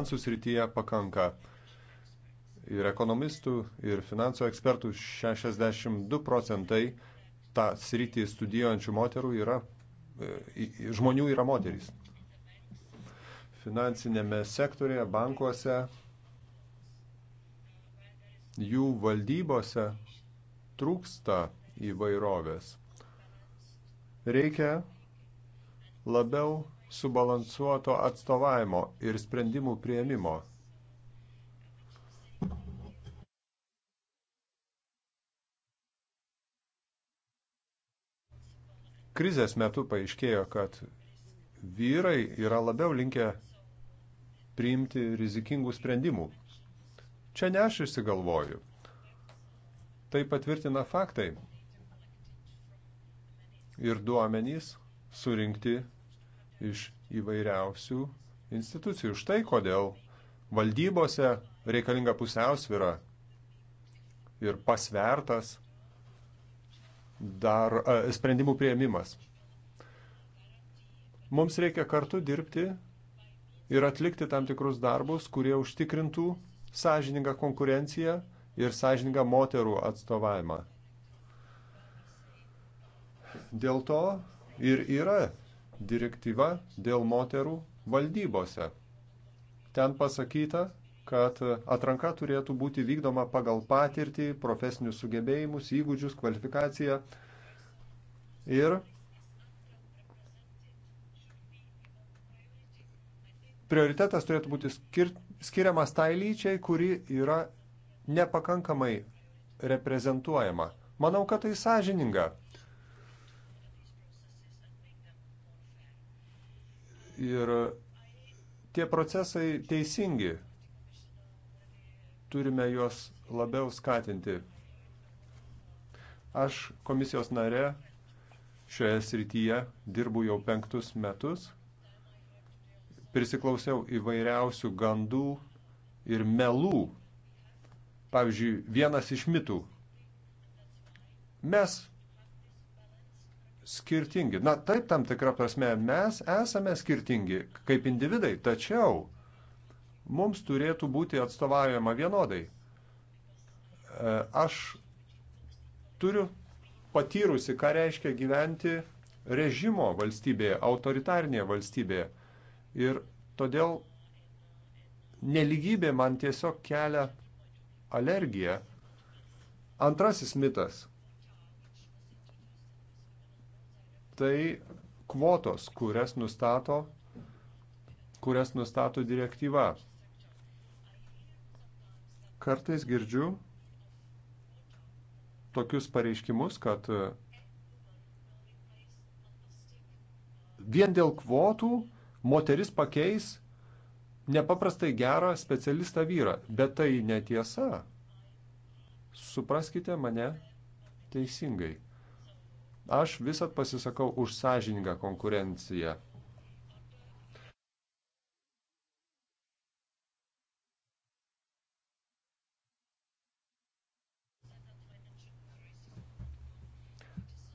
finansų srityje pakanka. Ir ekonomistų, ir finansų ekspertų 62 procentai tą sritį studijuojančių moterų yra, e, žmonių yra moterys. Finansinėme sektorėje, bankuose, jų valdybose trūksta įvairovės. Reikia labiau subalansuoto atstovavimo ir sprendimų prieimimo. Krizės metu paaiškėjo, kad vyrai yra labiau linkę priimti rizikingų sprendimų. Čia ne aš išsigalvoju. Tai patvirtina faktai ir duomenys surinkti iš įvairiausių institucijų. Štai kodėl valdybose reikalinga pusiausvyra ir pasvertas dar a, e, sprendimų prieimimas. Mums reikia kartu dirbti ir atlikti tam tikrus darbus, kurie užtikrintų sąžiningą konkurenciją ir sąžiningą moterų atstovavimą. Dėl to ir yra direktyva dėl moterų valdybose. Ten pasakyta, kad atranka turėtų būti vykdoma pagal patirtį, profesinius sugebėjimus, įgūdžius, kvalifikaciją ir prioritetas turėtų būti skir skiriamas tai lyčiai, kuri yra nepakankamai reprezentuojama. Manau, kad tai sąžininga. Ir tie procesai teisingi. Turime juos labiau skatinti. Aš komisijos narė šioje srityje dirbu jau penktus metus. Prisiklausiau įvairiausių gandų ir melų. Pavyzdžiui, vienas iš mitų. Mes skirtingi. Na taip, tam tikrą prasme mes esame skirtingi kaip individai, tačiau mums turėtų būti atstovaujama vienodai. E, aš turiu patyrusi, ką reiškia gyventi režimo valstybėje, autoritarnėje valstybėje. Ir todėl neligybė man tiesiog kelia alergiją. Antrasis mitas tai kvotos, kurias nustato, kurias nustato direktyva. Kartais girdžiu tokius pareiškimus, kad e, vien dėl kvotų moteris pakeis nepaprastai gerą specialistą vyrą. Bet tai netiesa. Supraskite mane teisingai. Aš visat pasisakau už sąžiningą konkurenciją.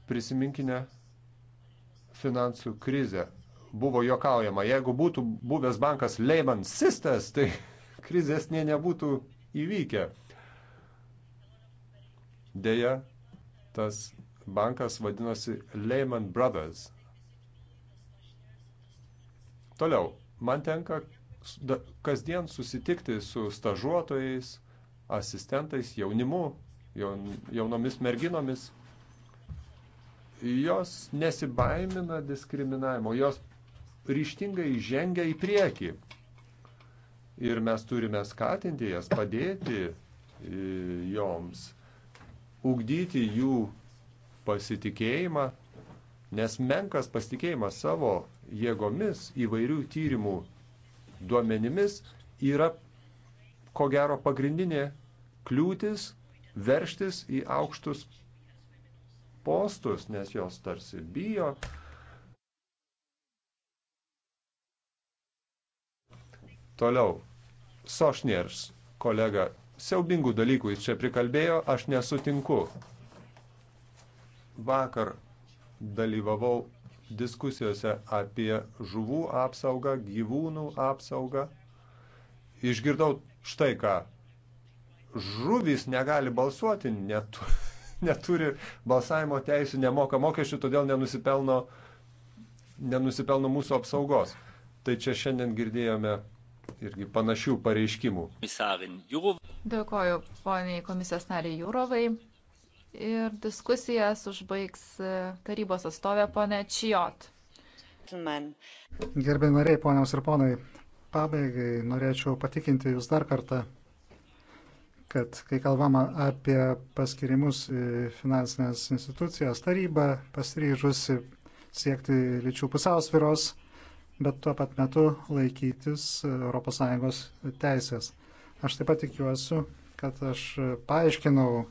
Prisiminkime finansų krizę. Buvo jokaujama, jeigu būtų buvęs bankas Lehman Sisters, tai krizės nė nebūtų įvykę. Deja, tas bankas vadinosi Lehman Brothers. Toliau, man tenka kasdien susitikti su stažuotojais, asistentais, jaunimu, jaunomis merginomis. Jos nesibaimina diskriminavimo, jos ryštingai žengia į priekį. Ir mes turime skatinti jas, padėti joms, ugdyti jų pasitikėjimą, nes menkas pasitikėjimas savo jėgomis įvairių tyrimų duomenimis yra ko gero pagrindinė kliūtis verštis į aukštus postus, nes jos tarsi bijo. Toliau. Sošniers, kolega, siaubingų dalykų jis čia prikalbėjo, aš nesutinku vakar dalyvavau diskusijose apie žuvų apsaugą, gyvūnų apsaugą. Išgirdau štai ką. Žuvys negali balsuoti, netu, neturi balsavimo teisų, nemoka mokesčių, todėl nenusipelno, nenusipelno mūsų apsaugos. Tai čia šiandien girdėjome irgi panašių pareiškimų. Dėkoju poniai komisijos nariai Jūrovai ir diskusijas užbaigs e, tarybos atstovė ponė Čijot. Gerbiami nariai, ponios ir ponai, pabaigai norėčiau patikinti Jūs dar kartą, kad kai kalbama apie paskirimus finansinės institucijas, taryba pasiryžusi siekti lyčių pusiausviros, bet tuo pat metu laikytis ES teisės. Aš taip pat tikiuosi, kad aš paaiškinau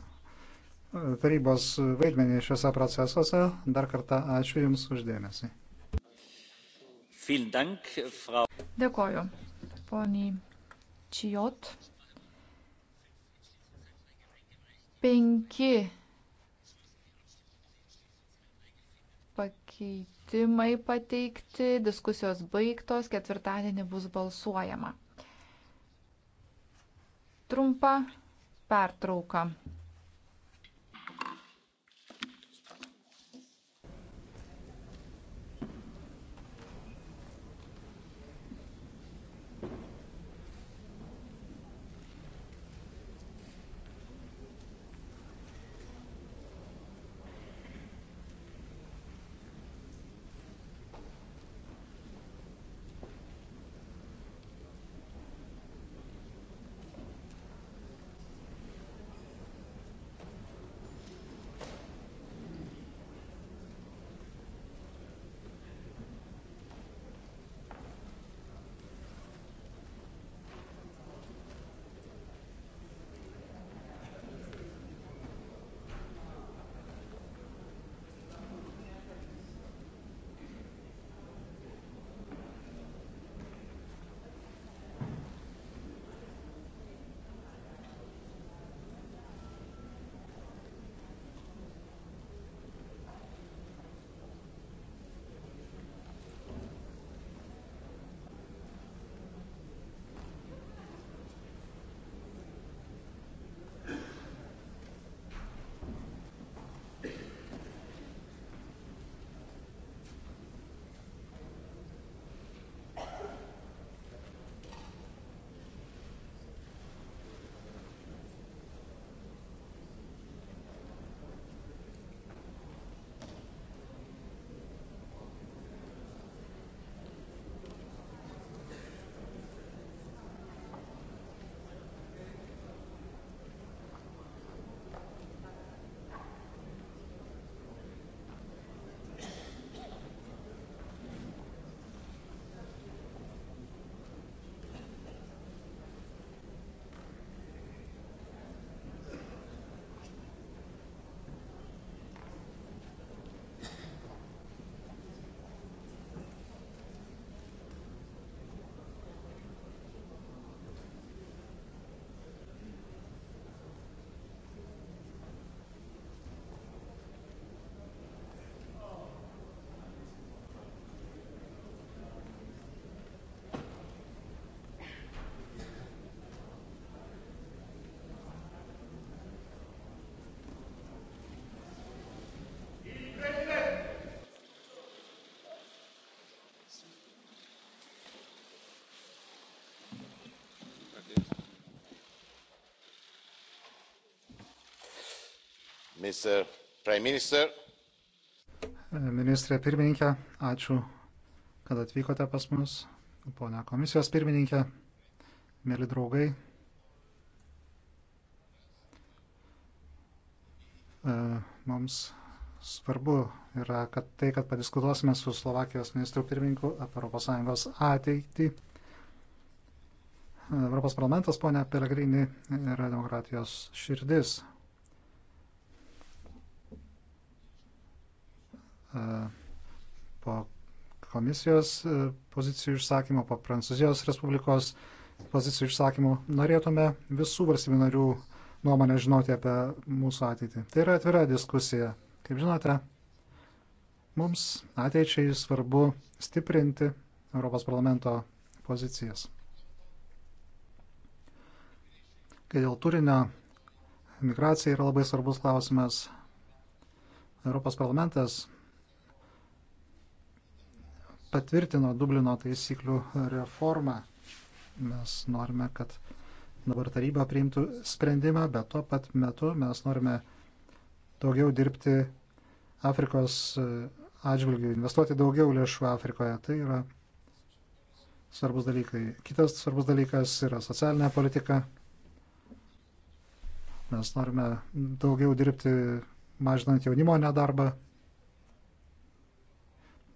tarybos vaidmenį šiuose procesuose. Dar kartą ačiū Jums uždėmesį. Dėkoju. Poniai Čijot. Penki pakeitimai pateikti, diskusijos baigtos, ketvirtadienį bus balsuojama. Trumpa pertrauka. Ministrė pirmininkė, ačiū, kad atvykote pas mus. Pone komisijos pirmininkė, mėly draugai. E, mums svarbu yra, kad tai, kad padiskutuosime su Slovakijos ministru pirmininku apie ES ateitį. Europos parlamentas, ponia Pelegrini, yra demokratijos širdis. E, po komisijos e, pozicijų išsakymo, po Prancūzijos Respublikos pozicijų išsakymų norėtume visų valstybių narių nuomonę žinoti apie mūsų ateitį. Tai yra atvira diskusija. Kaip žinote, mums ateičiai svarbu stiprinti Europos parlamento pozicijas. Kai dėl turinio migracija yra labai svarbus klausimas, Europos parlamentas patvirtino Dublino taisyklių reformą. Mes norime, kad dabar taryba priimtų sprendimą, bet tuo pat metu mes norime daugiau dirbti Afrikos e, atžvilgių, investuoti daugiau lėšų Afrikoje. Tai yra svarbus dalykai. Kitas svarbus dalykas yra socialinė politika. Mes norime daugiau dirbti mažinant jaunimo nedarbą,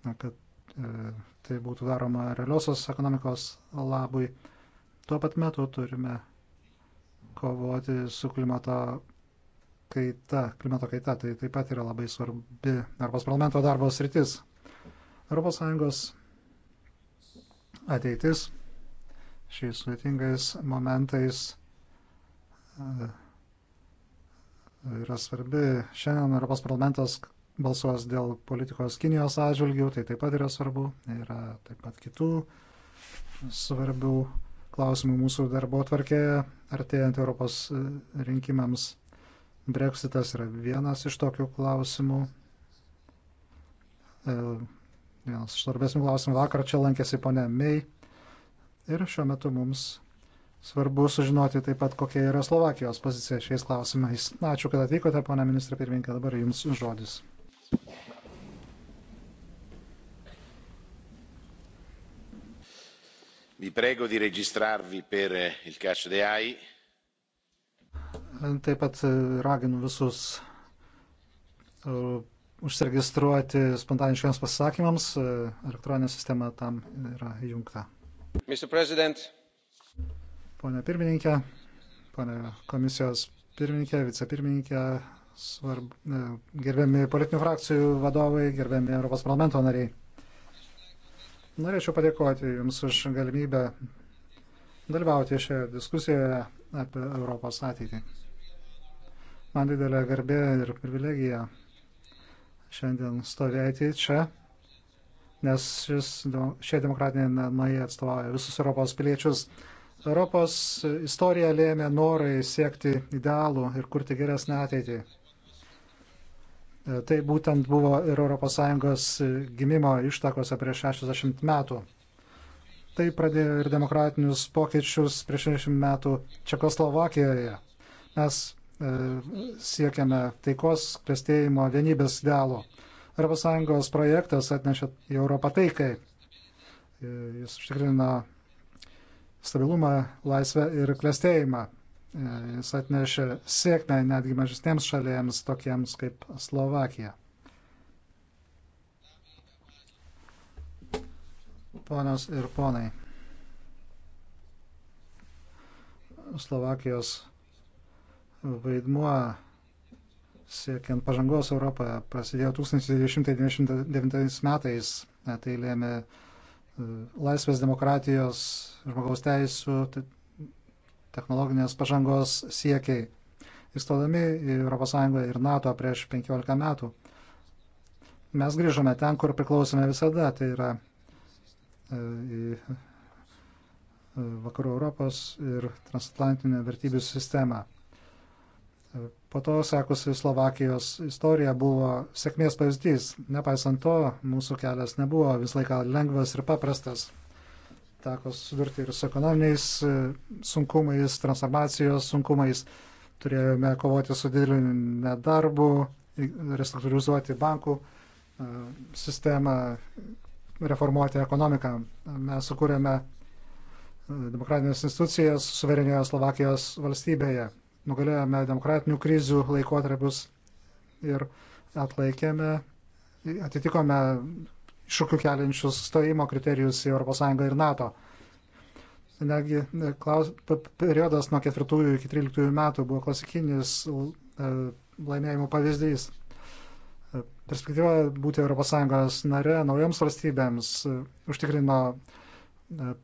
kad E, tai būtų daroma realiosios ekonomikos labui. Tuo pat metu turime kovoti su klimato kaita, klimato kaita, tai taip pat yra labai svarbi Europos parlamento darbo sritis. ES ateitis šiais sudėtingais momentais e, yra svarbi. Šiandien Europos parlamentas balsuos dėl politikos Kinijos atžvilgių, tai taip pat yra svarbu. Yra taip pat kitų svarbių klausimų mūsų darbo tvarkėje, artėjant Europos e, rinkimams. Brexitas yra vienas iš tokių klausimų. E, vienas iš svarbesnių klausimų vakar čia lankėsi ponė May. Ir šiuo metu mums svarbu sužinoti taip pat, kokia yra Slovakijos pozicija šiais klausimais. Ačiū, kad atvykote, ponė ministrė pirmininkė, dabar jums žodis vi prego di registrarvi per eh, il catch the eye. Taip pat eh, raginu visus eh, užsiregistruoti spontaniškiams pasisakymams. Elektroninė sistema tam yra įjungta. Pone pirmininkė, pone komisijos pirmininkė, vicepirmininkė, svarb, gerbiami politinių frakcijų vadovai, gerbiami Europos parlamento nariai. Norėčiau padėkoti Jums už galimybę dalyvauti šioje diskusijoje apie Europos ateitį. Man didelė garbė ir privilegija šiandien stovėti čia, nes šis, šie demokratiniai namai atstovauja visus Europos piliečius. Europos istorija lėmė norai siekti idealų ir kurti geresnę ateitį. E, tai būtent buvo ir ES gimimo ištakose prieš 60 metų. Tai pradėjo ir demokratinius pokyčius prieš 60 metų Čekoslovakijoje. Mes e, siekiame taikos, klestėjimo, vienybės idealo. ES projektas atnešė į Europą taikai. E, jis užtikrina stabilumą, laisvę ir klestėjimą. Jis atnešė sėkmę netgi mažesniems šalėms, tokiems kaip Slovakija. Ponios ir ponai, Slovakijos vaidmuo siekiant pažangos Europoje prasidėjo 1999 metais. Tai lėmė e, laisvės demokratijos, žmogaus teisų, technologinės pažangos siekiai. Įstodami į ES ir NATO prieš 15 metų, mes grįžome ten, kur priklausome visada, tai yra e, į e, vakarų Europos ir transatlantinę vertybių sistemą. E, po to sekusi Slovakijos istorija buvo sėkmės pavyzdys. Nepaisant to, mūsų kelias nebuvo visą laiką lengvas ir paprastas teko susidurti ir su ekonominiais e, sunkumais, transformacijos sunkumais. Turėjome kovoti su dideliu nedarbu, restruktūrizuoti bankų e, sistemą, reformuoti ekonomiką. Mes sukūrėme e, demokratinės institucijas suverenioje Slovakijos valstybėje. Nugalėjome demokratinių krizių laikotarpius ir atlaikėme, atitikome šūkių keliančius stojimo kriterijus į ES ir NATO. Netgi e, klaus, periodas nuo 4 iki 13 metų buvo klasikinis e, laimėjimų pavyzdys. E, perspektyva būti ES nare naujoms valstybėms užtikrino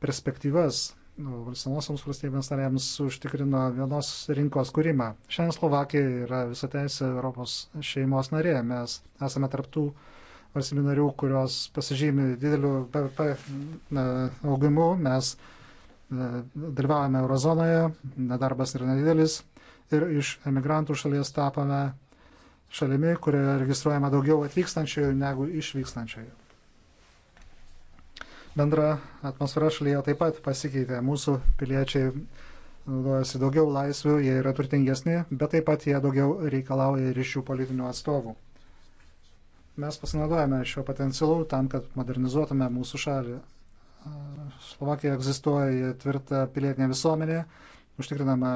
perspektyvas senosioms valstybėms narėms užtikrino vienos rinkos kūrimą. Šiandien Slovakija yra visateisė Europos šeimos narė. Mes esame tarptų valstybių narių, kurios pasižymi dideliu pa, pa, augimu, mes dalyvavome eurozonoje, nedarbas yra nedidelis ir iš emigrantų šalies tapome šalimi, kurioje registruojama daugiau atvykstančiųjų negu išvykstančiųjų. Bendra atmosfera šalyje taip pat pasikeitė. Mūsų piliečiai naudojasi daugiau laisvių, jie yra turtingesni, bet taip pat jie daugiau reikalauja ir iš jų politinių atstovų. Mes pasinaudojame šio potencialu tam, kad modernizuotume mūsų šalį. Slovakija egzistuoja tvirta pilietinė visuomenė, užtikrinama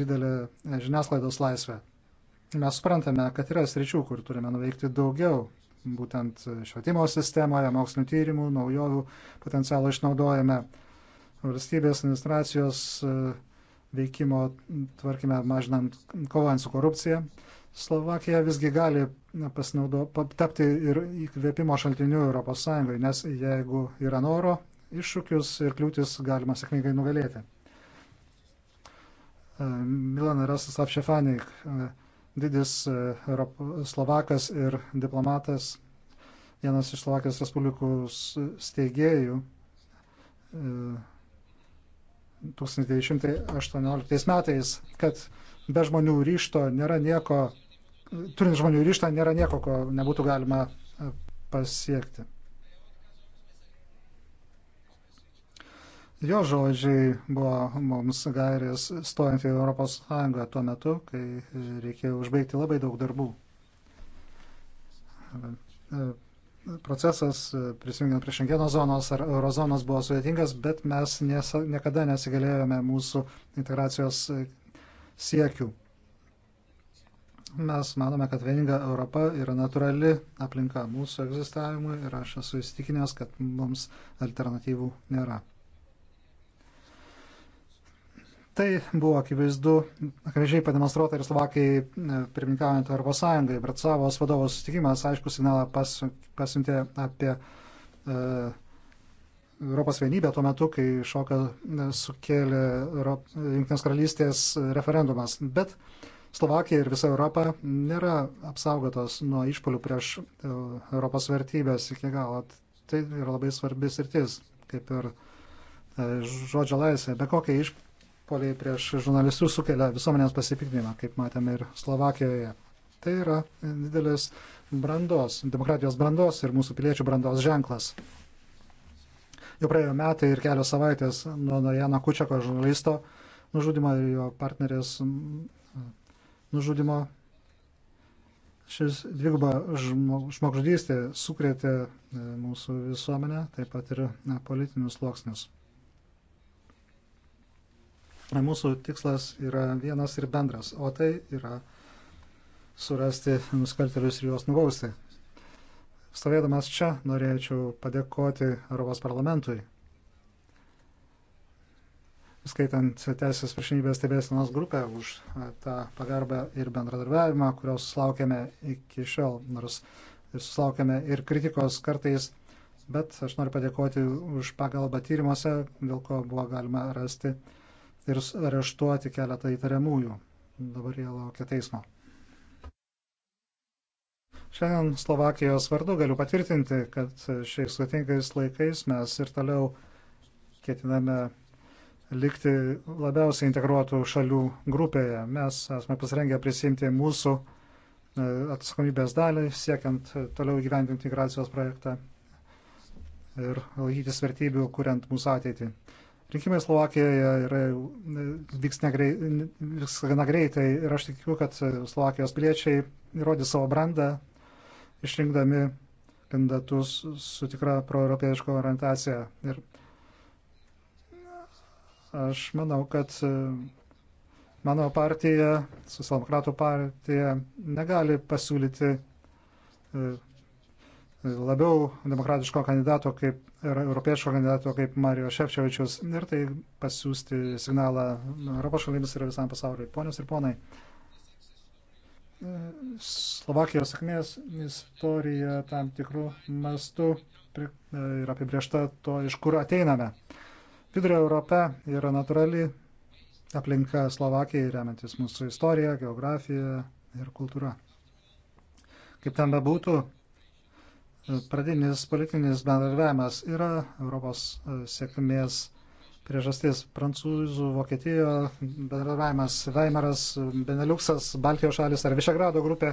didelė žiniasklaidos laisvė. Mes suprantame, kad yra sričių, kur turime nuveikti daugiau, būtent švietimo sistemoje, mokslinio tyrimų, naujovių potencialą išnaudojame, valstybės administracijos e, veikimo tvarkime, mažinant, kovojant su korupcija. Slovakija visgi gali tapti ir įkvėpimo šaltiniu ES, nes jeigu yra noro, iššūkius ir kliūtis galima sėkmingai nugalėti. E, Milan Rasas Apšefanik, e, didis e, Slovakas ir diplomatas, vienas iš Slovakijos Respublikos steigėjų, 1918 metais, kad be žmonių ryšto nėra nieko turint žmonių ryštą nėra nieko, ko nebūtų galima e, pasiekti. Jo žodžiai buvo mums gairės stojant į Europos Sąjungą tuo metu, kai reikėjo užbaigti labai daug darbų. E, e, procesas, prisijungiant prie Šengeno zonos ar Eurozonos, buvo sudėtingas, bet mes nes, niekada nesigalėjome mūsų integracijos siekių. Mes manome, kad vieninga Europa yra natūrali aplinka mūsų egzistavimui ir aš esu įstikinęs, kad mums alternatyvų nėra. Tai buvo akivaizdu, akivaizdžiai pademonstruota ir Slovakijai e, pirmininkaujant Europos Sąjungai. Bratislavos vadovo susitikimas aišku signalą pas, pasiuntė apie uh, Europos vienybę tuo metu, kai šoką e, sukėlė Jungtinės karalystės referendumas. Bet uh, Slovakija ir visa Europa nėra apsaugotos nuo išpolių prieš e, Europos vertybės iki galo. Tai yra labai svarbi sritis, kaip ir e, žodžio laisvė. Be kokie išpoliai prieš žurnalistus sukelia visuomenės pasipiktinimą, kaip matėme ir Slovakijoje. Tai yra didelis brandos, demokratijos brandos ir mūsų piliečių brandos ženklas. Jau praėjo metai ir kelios savaitės nuo Jano Kučiako žurnalisto nužudimo ir jo partnerės nužudimo. Šis dviguba žmogžudystė sukrėtė e, mūsų visuomenę, taip pat ir politinius sluoksnius. Mūsų tikslas yra vienas ir bendras, o tai yra surasti nusikaltėlius ir juos nubausti. Stovėdamas čia norėčiau padėkoti Europos parlamentui skaitant teisės viršinybės stebėsenos grupę už e, tą pagarbą ir bendradarbiavimą, kurios sulaukėme iki šiol, nors ir sulaukėme ir kritikos kartais, bet aš noriu padėkoti už pagalbą tyrimuose, dėl ko buvo galima rasti ir areštuoti keletą įtariamųjų. Dabar jie laukia teismo. Šiandien Slovakijos vardu galiu patvirtinti, kad šiais sudėtingais laikais mes ir toliau ketiname likti labiausiai integruotų šalių grupėje. Mes esame pasirengę prisimti mūsų e, atsakomybės dalį, siekiant toliau gyvendinti integracijos projektą ir laikytis vertybių, kuriant mūsų ateitį. Rinkimai Slovakijoje yra, e, vyks, negrei, vyks gana greitai ir aš tikiu, kad Slovakijos piliečiai įrodys savo brandą, išrinkdami kandidatus su tikra proeuropietiška orientacija. Ir Aš manau, kad e, mano partija, Socialdemokratų partija, negali pasiūlyti e, labiau demokratiško kandidato kaip ir europieško kandidato kaip Mario Šefčiovičius ir tai pasiūsti signalą Europos šalims ir visam pasauliui. Ponios ir ponai, e, Slovakijos sėkmės istorija tam tikrų mastų yra apibriešta to, iš kur ateiname. Vidurio Europa yra natūrali aplinka Slovakijai, remiantis mūsų istorija, geografija ir kultūra. Kaip ten bebūtų, pradinis politinis bendradarbiavimas yra Europos e, sėkmės priežastis. Prancūzų, Vokietijos bendradarbiavimas, Veimaras, Beneliuksas, Baltijos šalis ar Višegrado grupė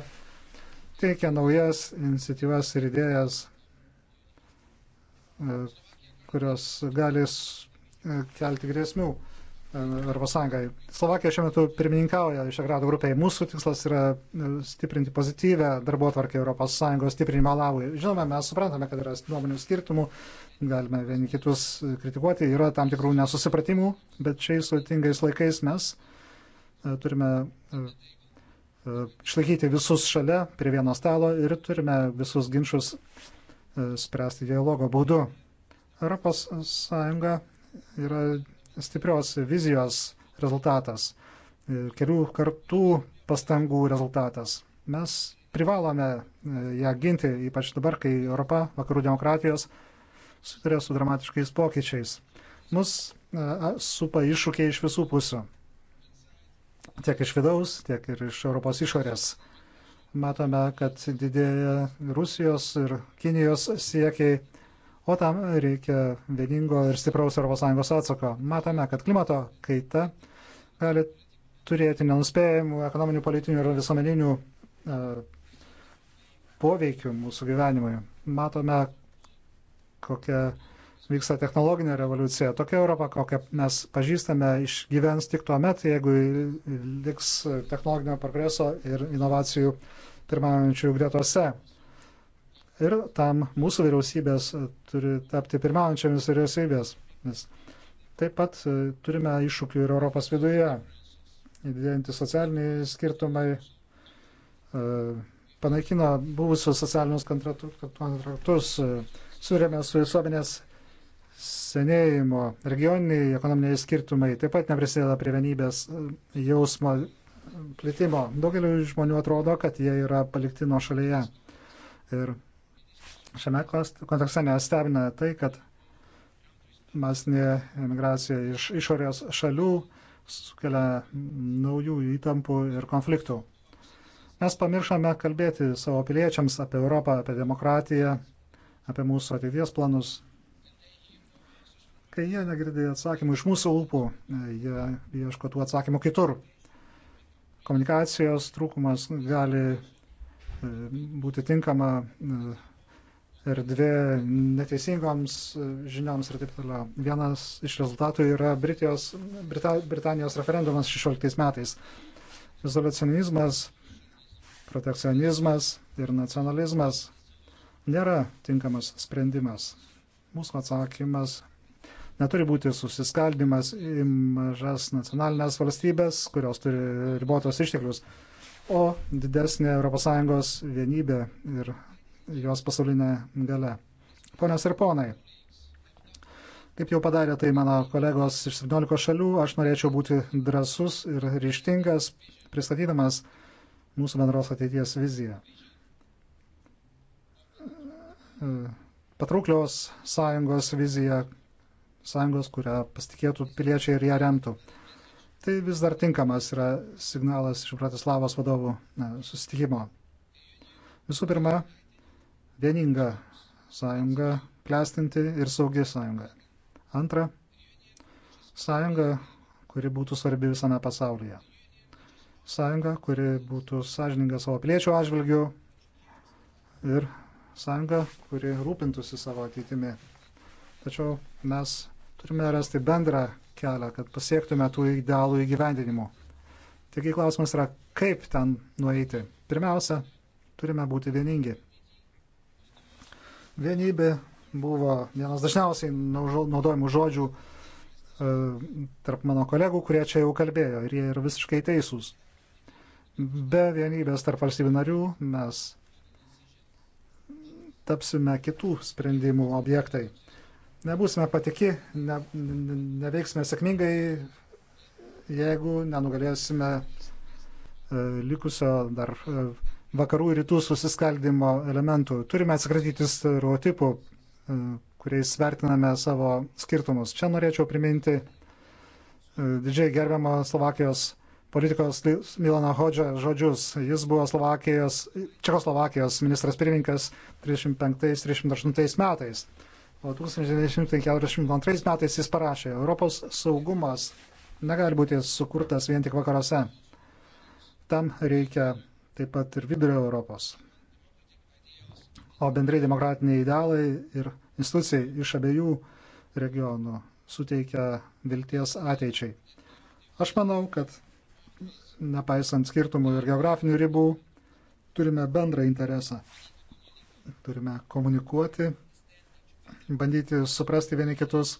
teikia naujas iniciatyvas ir idėjas, e, kurios gali E, kelti grėsmių e, Europos Sąjungai. Slovakija šiuo metu pirmininkauja Višegrado grupiai. Mūsų tikslas yra e, stiprinti pozityvę darbo tvarkę Europos Sąjungos stiprinimą Lavui. Žinoma, mes suprantame, kad yra nuomonių skirtumų, galime vieni kitus kritikuoti, yra tam tikrų nesusipratimų, bet šiais sudėtingais laikais mes turime išlaikyti visus šalia prie vieno stalo ir turime visus ginčius spręsti dialogo būdu. ES yra stiprios vizijos rezultatas, e, kelių kartų pastangų rezultatas. Mes privalome e, ją ginti, ypač dabar, kai Europa, vakarų demokratijos, sutarė su dramatiškais pokyčiais. Mus e, supa iššūkiai iš visų pusių. Tiek iš vidaus, tiek ir iš Europos išorės. Matome, kad didėja Rusijos ir Kinijos siekiai O tam reikia vieningo ir stipraus ES atsako. Matome, kad klimato kaita gali turėti nenuspėjimų ekonominių, politinių ir visuomeninių e, poveikių mūsų gyvenimui. Matome, kokia vyksta technologinė revoliucija. Tokia Europa, kokią mes pažįstame, išgyvens tik tuo met, jeigu liks technologinio progreso ir inovacijų pirmaujančių gretose. Ir tam mūsų vyriausybės turi tapti pirmaujančiamis vyriausybės. Nes taip pat e, turime iššūkių ir Europos viduje. Didėjantys socialiniai skirtumai e, panaikino buvusius socialinius kontraktus, e, surėmė su visuomenės senėjimo, regioniniai ekonominiai skirtumai taip pat neprisideda prie vienybės jausmo plitimo. Daugeliu žmonių atrodo, kad jie yra palikti nuo šalyje. Ir Šiame kontekste nestebina tai, kad masinė emigracija iš išorės šalių sukelia naujų įtampų ir konfliktų. Mes pamiršome kalbėti savo piliečiams apie Europą, apie demokratiją, apie mūsų ateities planus. Kai jie negirdė atsakymų iš mūsų lūpų, jie ieško tų atsakymų kitur. Komunikacijos trūkumas gali e, būti tinkama e, erdvė neteisingoms e, žinioms ir taip toliau. Vienas iš rezultatų yra Britijos, Brita, Britanijos referendumas 16 metais. Izolacionizmas, protekcionizmas ir nacionalizmas nėra tinkamas sprendimas. Mūsų atsakymas neturi būti susiskaldimas į mažas nacionalinės valstybės, kurios turi ribotos išteklius, o didesnė ES vienybė ir jos pasaulinė gale. Ponios ir ponai, kaip jau padarė tai mano kolegos iš 17 šalių, aš norėčiau būti drasus ir ryštingas, pristatydamas mūsų bendros ateities viziją. Patrauklios sąjungos vizija, sąjungos, kurią pasitikėtų piliečiai ir ją remtų. Tai vis dar tinkamas yra signalas iš Bratislavos vadovų susitikimo. Visų pirma, vieninga sąjunga, klestinti ir saugi sąjunga. Antra, sąjunga, kuri būtų svarbi visame pasaulyje. Sąjunga, kuri būtų sąžininga savo piliečių atžvilgių ir sąjunga, kuri rūpintųsi savo ateitimi. Tačiau mes turime rasti bendrą kelią, kad pasiektume tų idealų įgyvendinimo. Taigi klausimas yra, kaip ten nueiti. Pirmiausia, turime būti vieningi. Vienybė buvo vienas dažniausiai naudojimų žodžių e, tarp mano kolegų, kurie čia jau kalbėjo ir jie yra visiškai teisūs. Be vienybės tarp valstybių narių mes tapsime kitų sprendimų objektai. Nebūsime patiki, ne, neveiksime sėkmingai, jeigu nenugalėsime e, likusio dar e, vakarų ir rytų susiskaldimo elementų. Turime atsikratyti stereotipų, e, kuriais vertiname savo skirtumus. Čia norėčiau priminti e, didžiai gerbiamą Slovakijos politikos Milano Hodžą žodžius. Jis buvo Slovakijos, Čekoslovakijos ministras pirmininkas 35-38 metais. O 1942 metais jis parašė, Europos saugumas negali būti sukurtas vien tik vakaruose. Tam reikia taip pat ir vidurio Europos. O bendrai demokratiniai idealai ir institucijai iš abiejų regionų suteikia vilties ateičiai. Aš manau, kad nepaisant skirtumų ir geografinių ribų, turime bendrą interesą. Turime komunikuoti, bandyti suprasti vieni kitus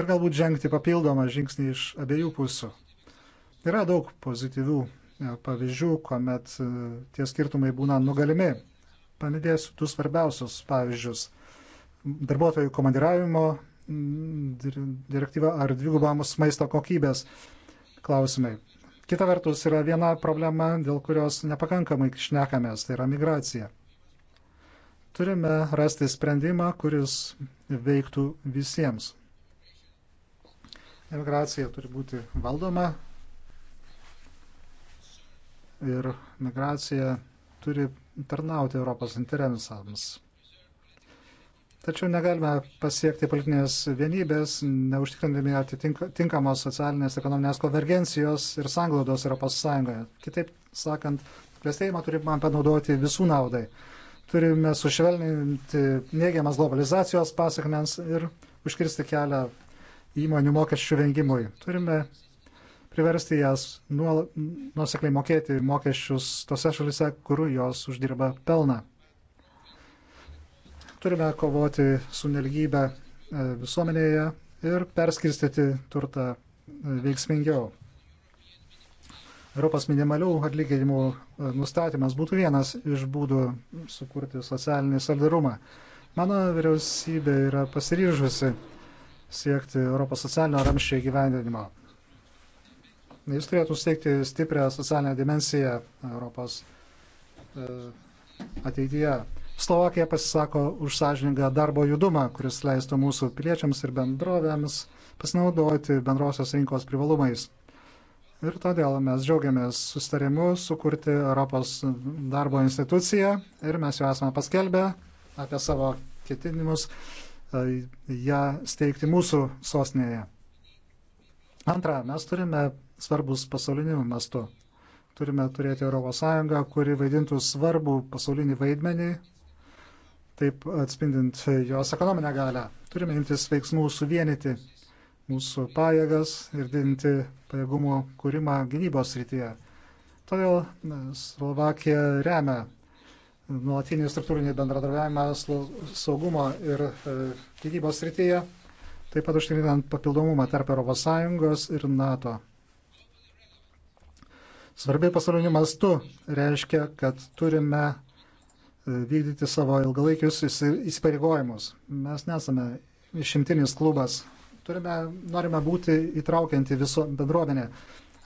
ir galbūt žengti papildomą žingsnį iš abiejų pusių. Yra daug pozityvių E, pavyzdžių, kuomet e, tie skirtumai būna nugalimi. Paminėsiu du svarbiausius pavyzdžius. Darbuotojų komandiravimo direktyva ar dvigubamos maisto kokybės klausimai. Kita vertus yra viena problema, dėl kurios nepakankamai šnekamės, tai yra migracija. Turime rasti sprendimą, kuris veiktų visiems. Migracija turi būti valdoma, ir migracija turi tarnauti Europos interesams. Tačiau negalime pasiekti politinės vienybės, neužtikrindami atitinkamos socialinės ekonominės konvergencijos ir sanglaudos Europos Sąjungoje. Kitaip sakant, klėstėjimą turime panaudoti visų naudai. Turime sušvelninti neigiamas globalizacijos pasiekmes ir užkirsti kelią įmonių mokesčių vengimui. Turime priversti jas nuosekliai mokėti mokesčius tose šalise, kur jos uždirba pelną. Turime kovoti su nelgybė e, visuomenėje ir perskirstyti turtą e, veiksmingiau. Europos minimalių atlyginimų e, nustatymas būtų vienas iš būdų sukurti socialinį solidarumą. Mano vyriausybė yra pasiryžusi siekti Europos socialinio ramščio įgyvendinimo. Jis turėtų steigti stiprią socialinę dimensiją Europos e, ateityje. Slovakija pasisako už sąžiningą darbo judumą, kuris leistų mūsų piliečiams ir bendrovėms pasinaudoti bendrosios rinkos privalumais. Ir todėl mes džiaugiamės sustarimu sukurti Europos darbo instituciją ir mes jau esame paskelbę apie savo ketinimus e, ją steigti mūsų sostinėje. Antra, mes turime svarbus pasauliniu mastu. Turime turėti ES, kuri vaidintų svarbų pasaulinį vaidmenį, taip atspindint jos ekonominę galę. Turime imtis veiksmų suvienyti mūsų pajėgas ir didinti pajėgumo kūrimą gynybos rytyje. Todėl Slovakija remia nuolatinį struktūrinį bendradarbiavimą saugumo ir e, gynybos srityje, taip pat užtikrinant papildomumą tarp ES ir NATO. Svarbiai pasauliniu mastu reiškia, kad turime e, vykdyti savo ilgalaikius įsipareigojimus. Mes nesame išimtinis klubas. Turime, norime būti įtraukianti viso bendruomenė,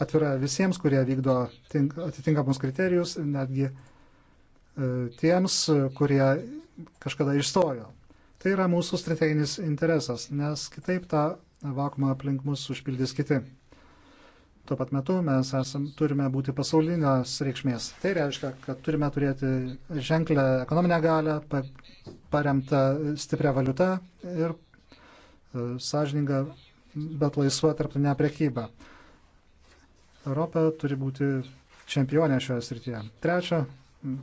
atvira visiems, kurie vykdo tink, atitinkamus kriterijus, netgi e, tiems, kurie kažkada išstojo. Tai yra mūsų strateginis interesas, nes kitaip tą vakumą aplink mus užpildys kiti tuo pat metu mes esam, turime būti pasaulinės reikšmės. Tai reiškia, kad turime turėti ženklę ekonominę galę, pa, paremtą stiprią valiutą ir e, sąžiningą, bet laisvą tarptautinę prekybą. Europa turi būti čempionė šioje srityje. Trečia,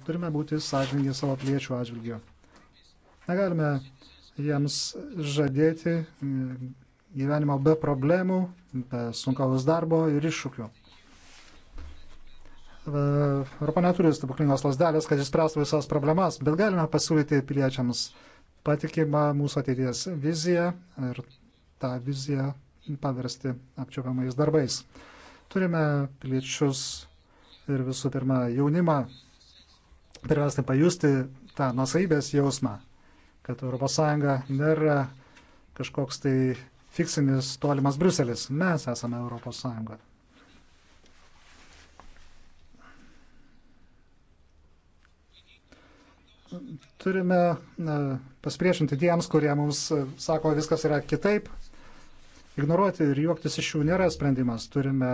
turime būti sąžiningi savo piliečių atžvilgiu. Negalime jiems žadėti gyvenimo be problemų, be sunkaus darbo ir iššūkių. E, Europa neturi stebuklingos lasdelės, kad išspręstų visas problemas, bet galime pasiūlyti piliečiams patikimą mūsų ateities viziją ir tą viziją paversti apčiopiamais darbais. Turime piliečius ir visų pirma jaunimą pirmiausia pajusti tą nusaibės jausmą, kad ES nėra kažkoks tai fiksinis tolimas Bruselis. Mes esame Europos Sąjunga. Turime pasipriešinti tiems, kurie mums e, sako, viskas yra kitaip. Ignoruoti ir juoktis iš jų nėra sprendimas. Turime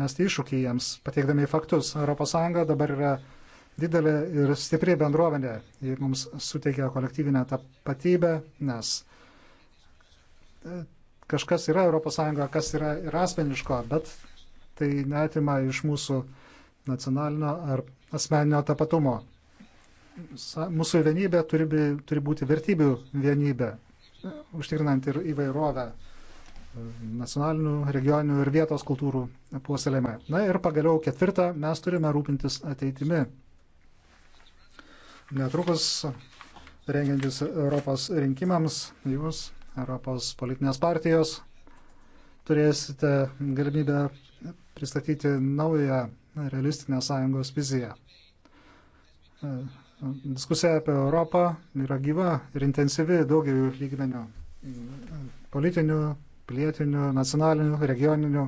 mesti iššūkį jiems, pateikdami faktus. ES dabar yra didelė ir stipri bendruomenė. Ji mums suteikia kolektyvinę tapatybę, nes e, kažkas yra ES, kas yra ir asmeniško, bet tai netima iš mūsų nacionalinio ar asmeninio tapatumo. Mūsų vienybė turi, turi būti vertybių vienybė, užtikrinant ir įvairovę e, nacionalinių, regioninių ir vietos kultūrų puoselėjimą. Na ir pagaliau ketvirtą, mes turime rūpintis ateitimi. Netrukus rengiantis Europos rinkimams, jūs Europos politinės partijos turėsite galimybę pristatyti naują realistinę sąjungos viziją. Diskusija apie Europą yra gyva ir intensyvi daugeliu lygmenių - politinių, pilietinių, nacionalinių, regioninių.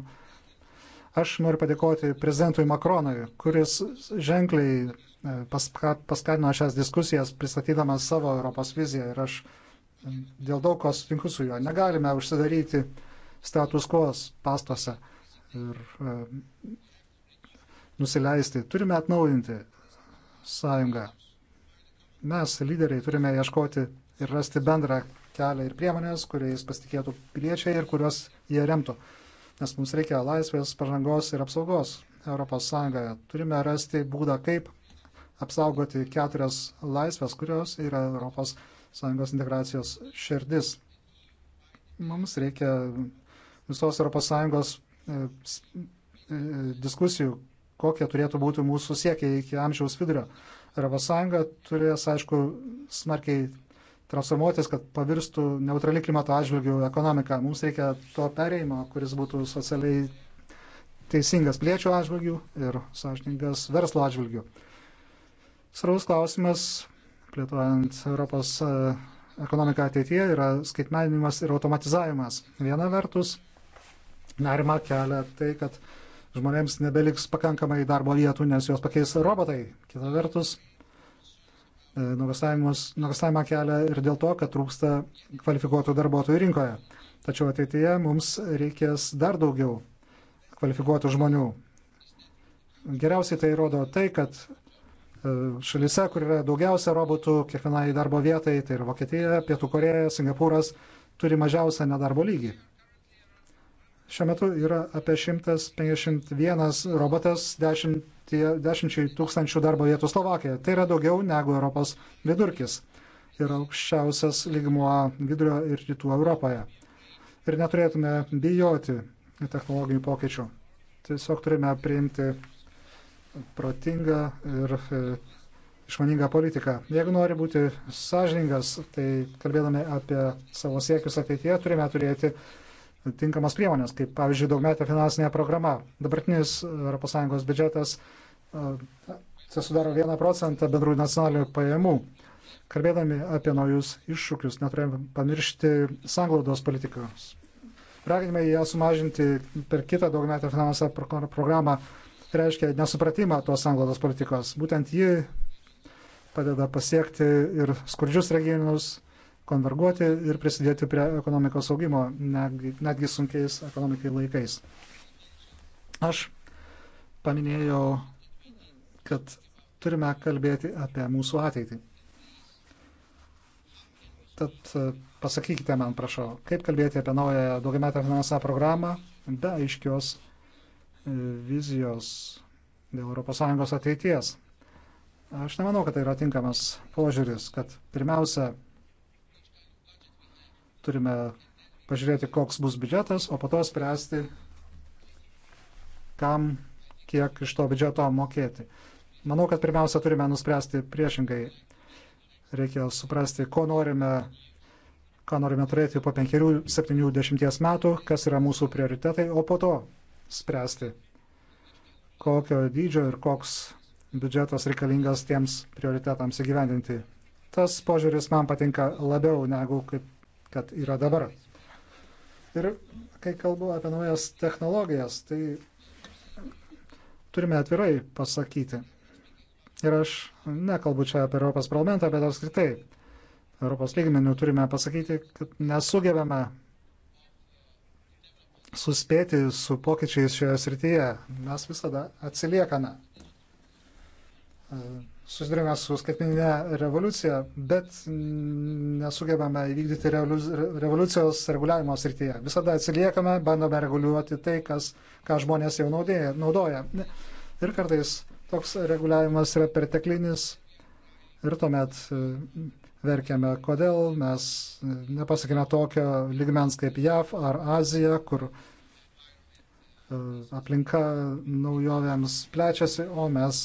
Aš noriu padėkoti prezidentui Makronui, kuris ženkliai paskatino šias diskusijas pristatydamas savo Europos viziją ir aš dėl daug ko sutinku su juo. Negalime užsidaryti status quo pastuose ir e, nusileisti. Turime atnaujinti sąjungą. Mes, lyderiai, turime ieškoti ir rasti bendrą kelią ir priemonės, kuriais pasitikėtų piliečiai ir kuriuos jie remtų. Nes mums reikia laisvės, pažangos ir apsaugos Europos Sąjungoje. Turime rasti būdą, kaip apsaugoti keturias laisvės, kurios yra Europos Sąjungoje sąjungos integracijos širdis. Mums reikia visos ES e, e, diskusijų, kokie turėtų būti mūsų siekiai iki amžiaus vidurio. ES turės, aišku, smarkiai transformuotis, kad pavirstų neutrali klimato atžvilgių ekonomika. Mums reikia to pereimo, kuris būtų socialiai teisingas pliečių atžvilgių ir sąžiningas verslo atžvilgių. Svarbus klausimas plėtojant Europos e, ekonomiką ateityje yra skaitmeninimas ir automatizavimas. Viena vertus, nerima kelia tai, kad žmonėms nebeliks pakankamai darbo vietų, nes juos pakeis robotai. Kita vertus, e, nuogastavimą kelia ir dėl to, kad trūksta kvalifikuotų darbuotojų rinkoje. Tačiau ateityje mums reikės dar daugiau kvalifikuotų žmonių. Geriausiai tai rodo tai, kad šalise, kur yra daugiausia robotų kiekvienai darbo vietai, tai yra Vokietija, Pietų Koreja, Singapūras, turi mažiausią nedarbo lygį. Šiuo metu yra apie 151 robotas 10, 10 tūkstančių darbo vietų Slovakijoje. Tai yra daugiau negu Europos vidurkis ir aukščiausias lygmuo vidurio ir rytų Europoje. Ir neturėtume bijoti technologijų pokyčių. Tiesiog turime priimti protingą ir e, išmaningą politiką. Jeigu nori būti sąžiningas, tai kalbėdami apie savo siekius ateityje turime turėti tinkamas priemonės, kaip pavyzdžiui daugmetė finansinė programa. Dabartinis ES biudžetas tai sudaro 1 procentą bendrų nacionalinių pajamų. Kalbėdami apie naujus iššūkius, neturėjome pamiršti sanglaudos politikos. Raginime ją sumažinti per kitą daugmetę finansą programą reiškia nesupratimą tos anglodos politikos. Būtent ji padeda pasiekti ir skurdžius regionus, konverguoti ir prisidėti prie ekonomikos augimo, netgi, netgi sunkiais ekonomikai laikais. Aš paminėjau, kad turime kalbėti apie mūsų ateitį. Tad e, pasakykite man, prašau, kaip kalbėti apie naują daugiametę finansą programą be aiškios vizijos dėl ES ateities. Aš nemanau, kad tai yra tinkamas požiūris, kad pirmiausia turime pažiūrėti, koks bus biudžetas, o po to spręsti, kam kiek iš to biudžeto mokėti. Manau, kad pirmiausia turime nuspręsti priešingai. Reikia suprasti, ko norime, ką norime turėti po penkerių, septynių, dešimties metų, kas yra mūsų prioritetai, o po to spręsti, kokio dydžio ir koks biudžetas reikalingas tiems prioritetams įgyvendinti. Tas požiūris man patinka labiau negu kaip, kad yra dabar. Ir kai kalbu apie naujas technologijas, tai turime atvirai pasakyti. Ir aš nekalbu čia apie Europos parlamentą, bet apskritai Europos lygmenių turime pasakyti, kad nesugebame suspėti su pokyčiais šioje srityje. Mes visada atsiliekame. Susidurime su skaitmininė revoliucija, bet nesugebame įvykdyti revoliucijos reguliavimo srityje. Visada atsiliekame, bandome reguliuoti tai, kas, ką žmonės jau naudėja, naudoja. Ir kartais toks reguliavimas yra perteklinis ir tuomet verkiame, kodėl mes nepasakėme tokio ligmens kaip JAV ar Azija, kur e, aplinka naujovėms plečiasi, o mes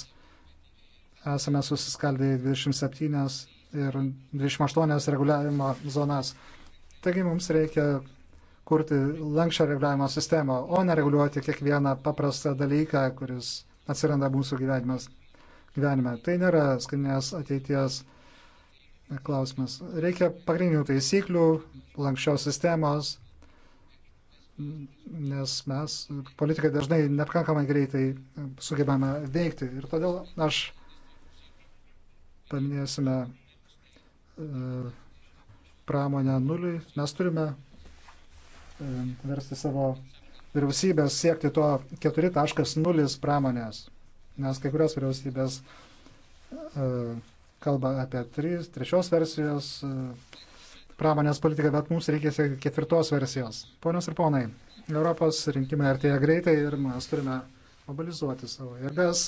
esame susiskaldę į 27 ir 28 reguliavimo zonas. Taigi mums reikia kurti lankščią reguliavimo sistemą, o nereguliuoti kiekvieną paprastą dalyką, kuris atsiranda mūsų gyvenimas. gyvenime. Tai nėra skaitinės ateities klausimas. Reikia pagrindinių taisyklių, lankščios sistemos, nes mes, politikai, dažnai nepakankamai greitai sugebame veikti. Ir todėl aš paminėsime e, pramonę nuliui. Mes turime e, versti savo vyriausybės siekti to 4.0 pramonės, nes kai kurios vyriausybės e, kalba apie trys, trečios versijos e, pramonės politiką, bet mums reikia ketvirtos versijos. Ponios ir ponai, Europos rinkimai artėja greitai ir mes turime mobilizuoti savo jėgas,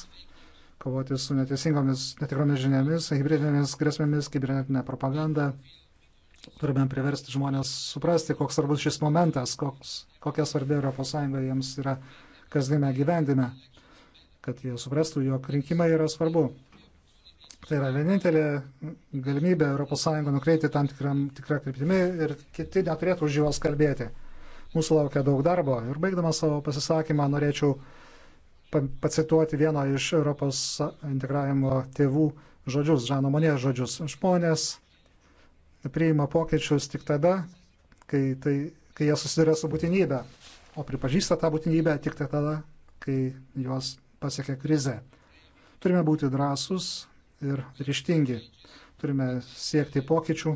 kovoti su neteisingomis, netikromis žiniomis, hybridinėmis grėsmėmis, kibernetinė propaganda. Turime priversti žmonės suprasti, koks svarbus šis momentas, koks, kokia svarbi ES jiems yra kasdienė gyvendime, kad jie suprastų, jog rinkimai yra svarbu. Tai yra vienintelė galimybė ES nukreipti tam tikram, tikrą kryptimį ir kiti neturėtų už juos kalbėti. Mūsų laukia daug darbo. Ir baigdamas savo pasisakymą norėčiau pacituoti vieno iš Europos integravimo tėvų žodžius, Žano Monės žodžius. Žmonės priima pokyčius tik tada, kai, tai, kai jie susiduria su būtinybė, o pripažįsta tą būtinybę tik tada, kai juos pasiekia krize. Turime būti drąsus, ir ryštingi. Turime siekti pokyčių,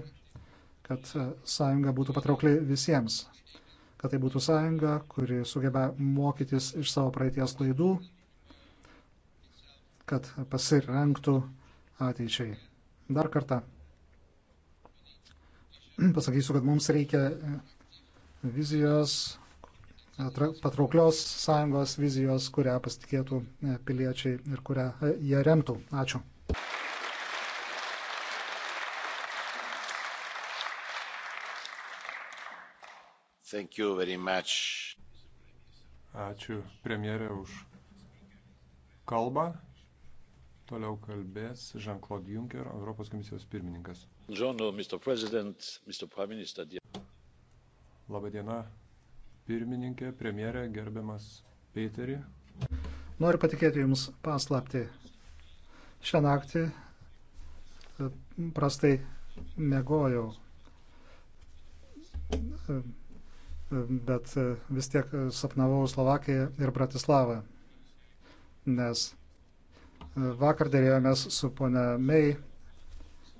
kad e, sąjunga būtų patraukli visiems, kad tai būtų sąjunga, kuri sugeba mokytis iš savo praeities klaidų, kad pasirengtų ateičiai. Dar kartą pasakysiu, kad mums reikia e, vizijos, patrauklios sąjungos vizijos, kurią pasitikėtų e, piliečiai ir kurią jie remtų. Ačiū. Ačiū premjerė už kalbą. Toliau kalbės Jean-Claude Juncker, Europos komisijos pirmininkas. Labadiena, pirmininkė, premjerė, gerbiamas Peterį. Noriu patikėti Jums paslapti. Šią naktį e, prastai mėgojau e, bet e, vis tiek sapnavau Slovakiją ir Bratislavą, nes e, vakar dėrėjomės su pone Mei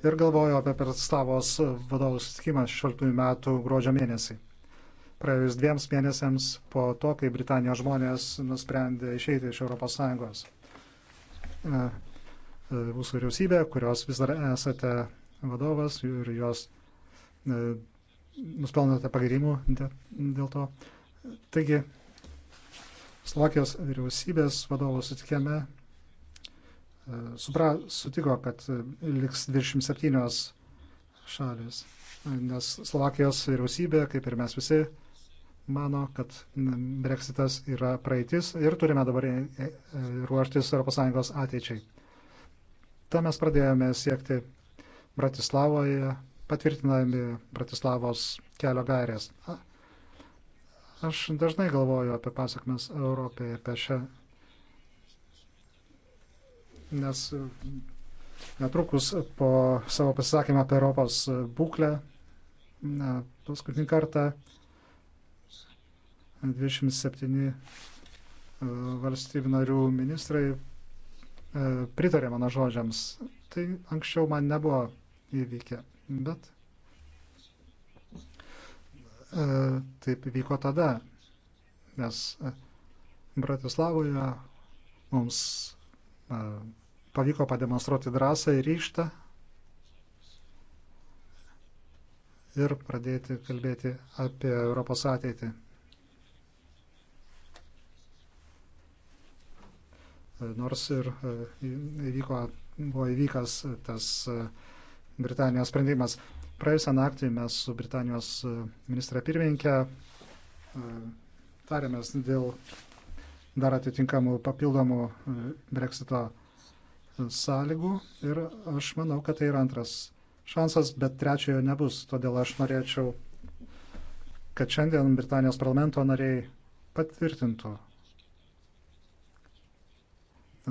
ir galvojau apie Bratislavos vadovų susitikimą 16 metų gruodžio mėnesį. Praėjus dviems mėnesiams po to, kai Britanijos žmonės nusprendė išeiti iš ES. Jūsų e, vyriausybė, kurios vis dar esate vadovas ir jos nuspelnote pagirimų dėl to. Taigi, Slovakijos vyriausybės vadovų sutikėme e, supra, sutiko, kad e, liks 27 šalis, nes Slovakijos vyriausybė, kaip ir mes visi, mano, kad breksitas yra praeitis ir turime dabar e, ruoštis ES ateičiai. Ta mes pradėjome siekti Bratislavoje patvirtinami Bratislavos kelio gairės. Aš dažnai galvoju apie pasakmes Europai, apie šią. Nes e, netrukus po savo pasisakymą apie Europos būklę, na, paskutinį kartą 27 e, valstybių narių ministrai e, pritarė mano žodžiams. Tai anksčiau man nebuvo įvykę bet e, taip vyko tada, nes Bratislavoje mums e, pavyko pademonstruoti drąsą ir ryštą ir pradėti kalbėti apie Europos ateitį. Nors ir e, įvyko, buvo įvykęs tas uh, Britanijos sprendimas. Praėjusią naktį mes su Britanijos e, ministra pirmininkė e, tarėmės dėl dar atitinkamų papildomų e, breksito sąlygų ir aš manau, kad tai yra antras šansas, bet trečiojo nebus. Todėl aš norėčiau, kad šiandien Britanijos parlamento nariai patvirtintų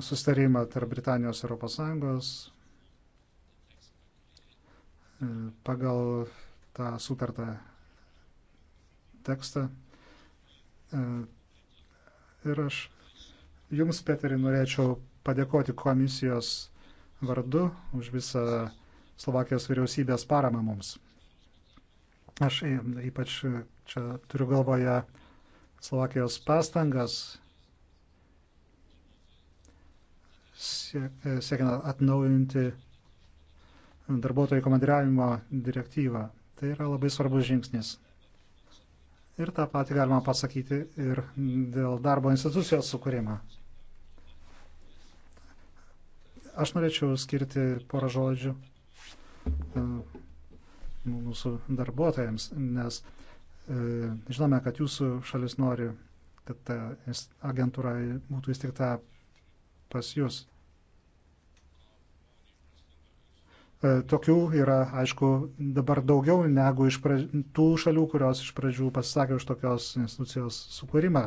sustarimą tarp Britanijos ir ES pagal tą sutartą tekstą. E, ir aš Jums, Peterį, norėčiau padėkoti komisijos vardu už visą Slovakijos vyriausybės paramą mums. Aš e, ypač čia turiu galvoje Slovakijos pastangas e, siekiant atnaujinti darbuotojų komandiravimo direktyvą. Tai yra labai svarbus žingsnis. Ir tą patį galima pasakyti ir dėl darbo institucijos sukūrimo. Aš norėčiau skirti porą žodžių e, mūsų darbuotojams, nes e, žinome, kad jūsų šalis nori, kad ta agentūra būtų įsteigta pas jūs. E, tokių yra, aišku, dabar daugiau negu iš pra... tų šalių, kurios iš pradžių pasisakė už tokios institucijos sukūrimą.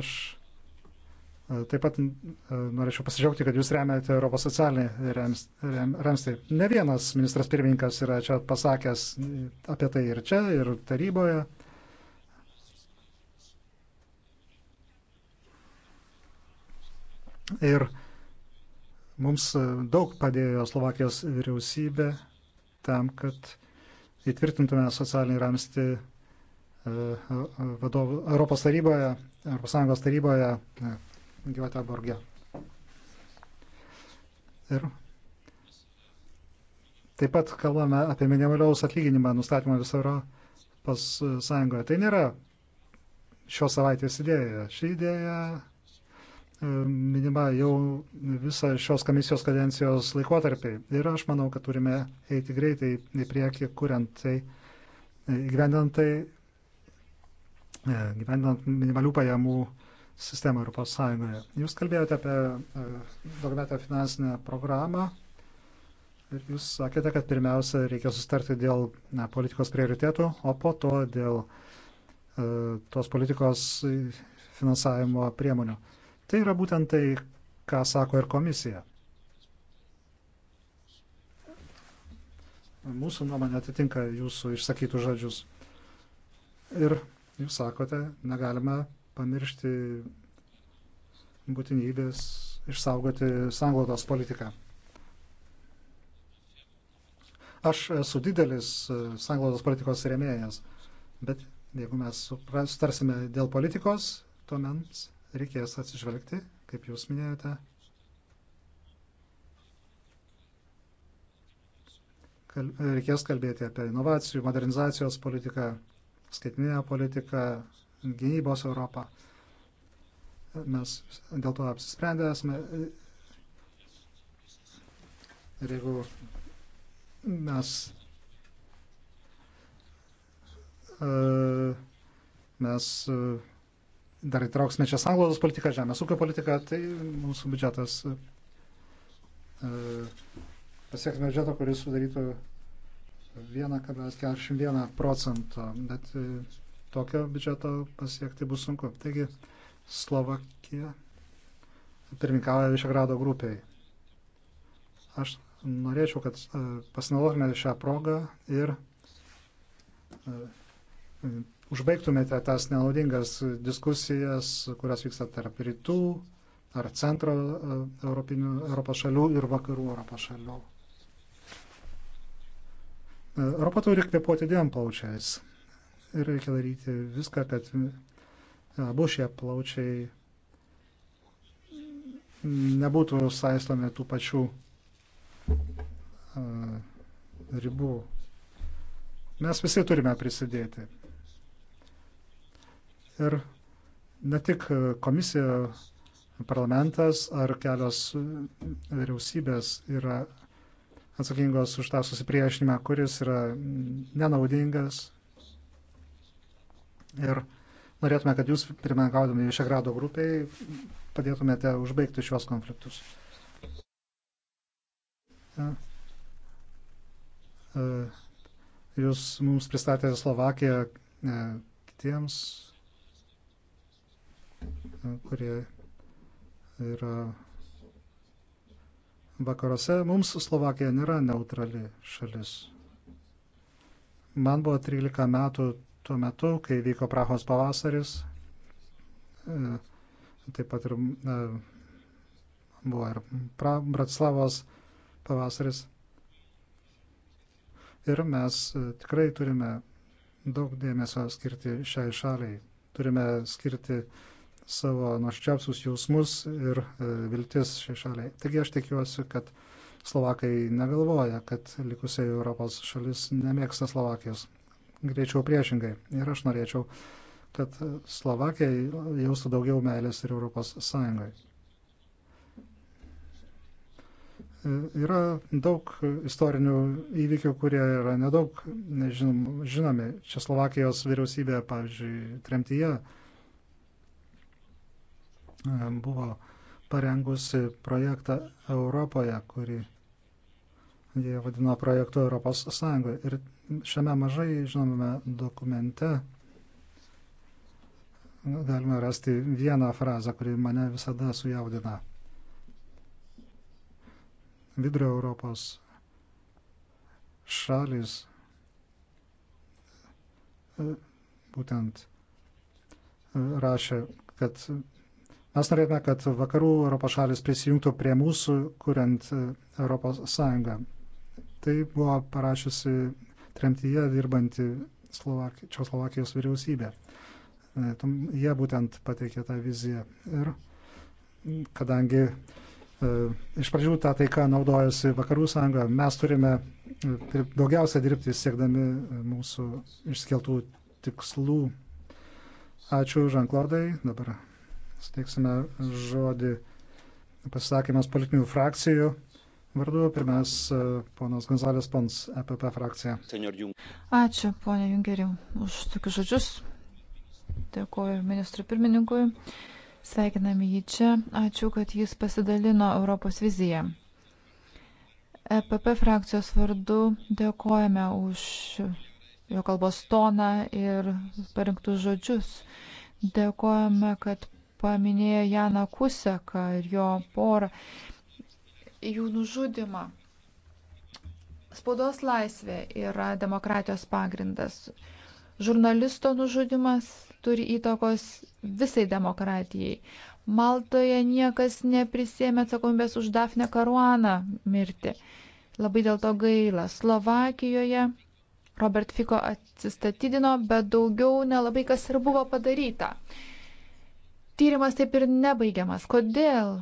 Aš e, taip pat e, norėčiau pasižiaugti, kad jūs remiate Europos socialinį rems... rem... remstį. Ne vienas ministras pirmininkas yra čia pasakęs apie tai ir čia, ir taryboje. Ir uh, Mums e, daug padėjo Slovakijos vyriausybė tam, kad įtvirtintume socialinį ramstį e, e, vadovų Europos taryboje, Europos Sąjungos taryboje Göteborge. Ir taip pat kalbame apie minimaliaus atlyginimą nustatymą viso Europos Sąjungoje. Tai nėra šios savaitės idėja. Ši idėja minima jau visą šios komisijos kadencijos laikotarpį. Ir aš manau, kad turime eiti greitai į priekį, kuriant tai, gyvendant tai, e, gyvendant minimalių pajamų sistemą Europos Sąjungoje. Jūs kalbėjote apie e, dokumentą finansinę programą ir jūs sakėte, kad pirmiausia reikia sustarti dėl na, politikos prioritėtų, o po to dėl uh, tos politikos finansavimo priemonių. Uh, Tai yra būtent tai, ką sako ir komisija. Mūsų nuomonė atitinka jūsų išsakytų žodžius. Ir jūs sakote, negalime pamiršti būtinybės išsaugoti sanglaudos politiką. Aš esu didelis e, sanglaudos politikos rėmėjas, bet jeigu mes sutarsime dėl politikos, tuomet reikės atsižvelgti, kaip jūs minėjote, kal, reikės kalbėti apie inovacijų, modernizacijos politiką, skaitinę politiką, gynybos Europą. Mes dėl to apsisprendę esame. Ir jeigu mes, e, mes e, dar įtrauksime čia sanglaudos politiką, žemės ūkio politiką, tai mūsų biudžetas e, pasiekime biudžeto, kuris sudarytų 1,41 procento, bet e, tokio biudžeto pasiekti bus sunku. Taigi Slovakija pirminkauja Višegrado grupiai. Aš norėčiau, kad e, pasinaudotume šią progą ir užbaigtumėte tas nenaudingas diskusijas, kurios vyksta tarp rytų ar centro e, Europinių, Europos šalių ir vakarų Europos šalių. E, Europa turi kvepuoti dviem plaučiais ir reikia daryti viską, kad abu šie plaučiai nebūtų saistomi tų pačių e, ribų. Mes visi turime prisidėti. Ir ne tik komisija, parlamentas ar kelios vyriausybės yra atsakingos už tą susipriešinimą, kuris yra nenaudingas. Ir norėtume, kad jūs, pirmininkaudami Višegrado grupiai, padėtumėte užbaigti šios konfliktus. E, jūs mums pristatėte Slovakiją e, kitiems kurie yra vakaruose. Mums Slovakija nėra neutrali šalis. Man buvo 13 metų tuo metu, kai vyko Prahos pavasaris. E, taip pat ir e, buvo ir pra, Bratislavos pavasaris. Ir mes e, tikrai turime daug dėmesio skirti šiai šaliai. Turime skirti uh, savo nuoščiausius jausmus ir e, viltis šešaliai. Taigi aš tikiuosi, kad Slovakai negalvoja, kad likusiai Europos šalis nemėgsta Slovakijos. Greičiau priešingai. Ir aš norėčiau, kad Slovakija jaustų daugiau meilės ir Europos Sąjungai e, yra daug istorinių įvykių, kurie yra nedaug žinom, žinomi. Česlovakijos vyriausybė, pavyzdžiui, tremtyje buvo parengusi projektą Europoje, kurį jie vadino projektu Europos Sąjungoje. Ir šiame mažai žinomame dokumente galime rasti vieną frazę, kuri mane visada sujaudina. Vidurio Europos šalis būtent rašė, kad Mes norėtume, kad vakarų Europos šalis prisijungtų prie mūsų, kuriant e, Europos Sąjungą. Tai buvo parašiusi tremtyje dirbanti Slovaki, Česlovakijos vyriausybė. E, jie būtent pateikė tą viziją. Ir kadangi e, iš pradžių tą taiką naudojosi Vakarų sąjunga, mes turime e, daugiausia dirbti siekdami mūsų išskeltų tikslų. Ačiū, Žanklodai. Dabar steiksime žodį pasisakymas politinių frakcijų. Vardu pirmiausia, ponas Gonzalės Pons, EPP frakcija. Ačiū, ponė Jungeriu, už tokius žodžius. Dėkuoju ministrui pirmininkui. Sveikiname jį čia. Ačiū, kad jis pasidalino Europos viziją. EPP frakcijos vardu dėkojame už jo kalbos toną ir parinktus žodžius. Dėkojame, kad paminėjo Janą Kuseką ir jo porą, jų nužudimą. Spaudos laisvė yra demokratijos pagrindas. Žurnalisto nužudimas turi įtakos visai demokratijai. Maltoje niekas neprisėmė atsakomybės už Dafne Karuaną mirti. Labai dėl to gaila. Slovakijoje Robert Fiko atsistatydino, bet daugiau nelabai kas ir buvo padaryta tyrimas taip ir nebaigiamas. Kodėl?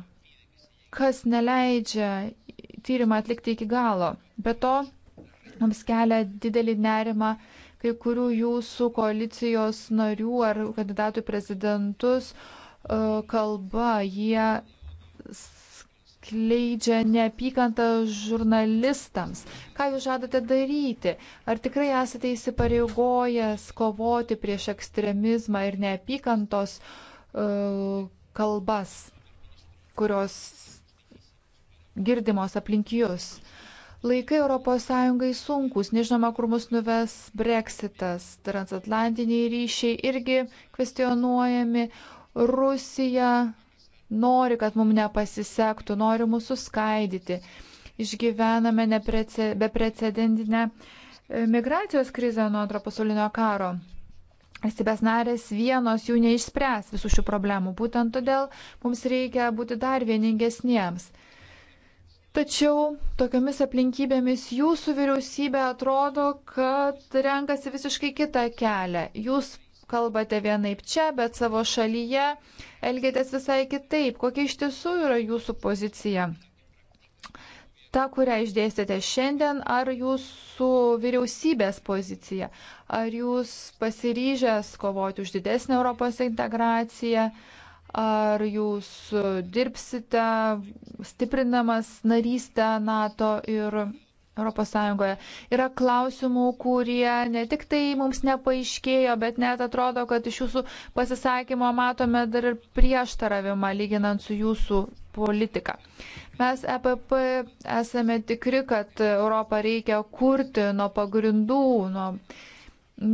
Kas neleidžia tyrimą atlikti iki galo? Be to, mums kelia didelį nerimą kai kurių jūsų koalicijos narių ar kandidatų prezidentus e, kalba. Jie skleidžia neapykantą žurnalistams. Ką jūs žadate daryti? Ar tikrai esate įsipareigojęs kovoti prieš ekstremizmą ir neapykantos uh, E, kalbas, kurios girdimos aplinkijus. Laikai ES sunkus, nežinoma, kur mus nuves Brexitas, transatlantiniai ryšiai irgi kvestionuojami, Rusija nori, kad mums nepasisektų, nori mūsų skaidyti. Išgyvename beprecedentinę e, migracijos krizę nuo antro pasaulinio karo. Valstybės narės vienos jų neišspręs visų šių problemų. Būtent todėl mums reikia būti dar vieningesniems. Tačiau tokiamis aplinkybėmis jūsų vyriausybė atrodo, kad renkasi visiškai kitą kelią. Jūs kalbate vienaip čia, bet savo šalyje elgėtės visai kitaip. Kokia iš tiesų yra jūsų pozicija? ta, kurią išdėstėte šiandien, ar jūsų vyriausybės pozicija? Ar jūs pasiryžęs kovoti už didesnį Europos integraciją? Ar jūs dirbsite stiprinamas narystę NATO ir ES? Yra klausimų, kurie ne tik tai mums nepaaiškėjo, bet net atrodo, kad iš jūsų pasisakymo matome dar ir prieštaravimą lyginant su jūsų politika. Mes EPP esame tikri, kad Europą reikia kurti nuo pagrindų, nuo